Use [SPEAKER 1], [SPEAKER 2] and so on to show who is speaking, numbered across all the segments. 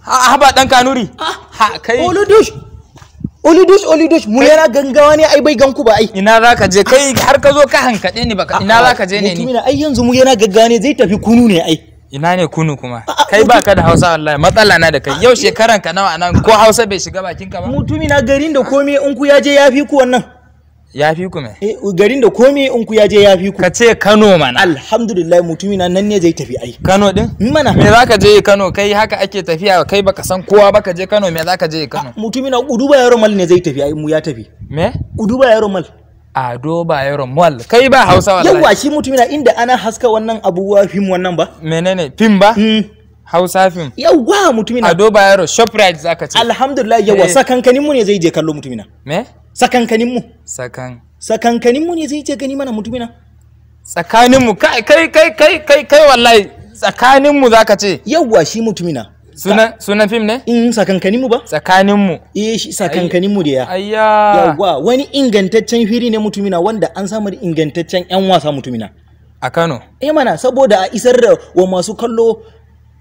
[SPEAKER 1] haba dan kanuri ah, ha kai oludush oludush oludush mu yana gangawa ne ai bai ganku ba ai ina zaka je kai har ka zo ka hankade ni baka ah, ina zaka je ne ni mutumina ai yanzu mu yana gaggawa ne zai tafi kunu ne ai ina ne kunu kuma ah, kai baka da hausa wallahi matsala na da kai yau shekaran ka nawa anan ko hausa bai shiga bakin ka ba mutumina garin da komai in ku ya je ya fi ku wannan ya fi ku me eh garin da komai in ku ya je ya fi ku kace Kano mana alhamdulillah mutumi na nan ne zai tafi ai Kano din mm, mana me zaka je Kano kai haka ake tafiya kai baka san kowa baka je Kano me zaka je Kano ah, mutumi na Uduba yaro mal ne zai tafi ai mu ya tafi me Uduba yaro mal ado ba yaro mal kai ba Hausa wallahi yawa shi mutumi na inda ana haska wannan abubuwa fim wannan ba menene fim ba mm. Hausa fim. Yawwa mutumina. Ado Bayero Shoprite zaka ce. Alhamdulillah yawa eh. sakankanin mu ne zai je kallo mutumina. Me? sakankanin mu sakan sakankanin mu ne zai ce gani mana mutumina tsakanin mu kai kai kai kai kai kai wallahi tsakanin mu zaka ce yawwa shi mutumina suna sunan fim ne in sakankanin mu ba tsakanin mu eh shi sakankanin mu da ya ayya yawwa wani ingantaccen firi ne mutumina wanda an samu ingantaccen yan wasa mutumina a Kano eh mana saboda a isar da wa masu kallo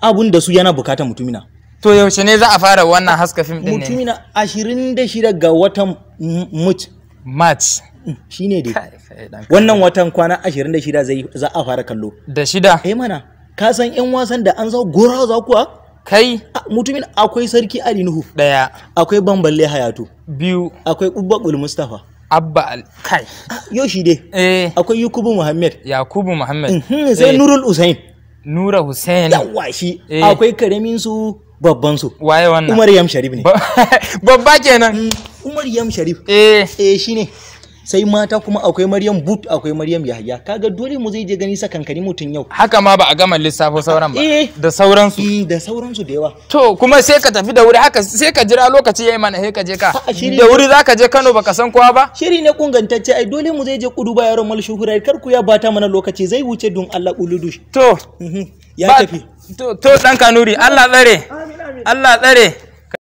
[SPEAKER 1] abun da su yana bukata mutumina to yaushe ne za a fara wannan haska fim din ne mutumina 26 ga watan much march mm, shine dai wannan watan kwana 26 zai za a fara kallo da shida eh mana ka san yan wasan da an zau gora za kuwa kai mutumin akwai sarki ali nuhu daya akwai bamballe hayatu biyu akwai ubbaqul mustafa abba al kai ah, yo shi dai eh akwai yakubu muhammad yakubu muhammad mhm, sai eh. nurul usain nura hussein yawa shi eh. akwai karamin su babban su waye wannan umar yam sharif ne babba kenan mm. Maryam Sharif eh eh shine sai mata kuma akwai Maryam But akwai Maryam Yahya kaga dole mu zai je gani kankani mutun yau haka ma ba a gama lissafo sauran ba eh. da sauransu eh da sauransu da yawa to kuma sai ka tafi da wuri haka sai ka jira lokaci yayi mana sai ka je ka da wuri zaka je Kano baka san kowa ba shiri ne kungantacce ai dole mu zai je kudu ba yaron mal shuhura kar ku ya bata mana lokaci zai wuce don Allah uludu to mhm. ya tafi to to dan kanuri Allah tsare Allah tsare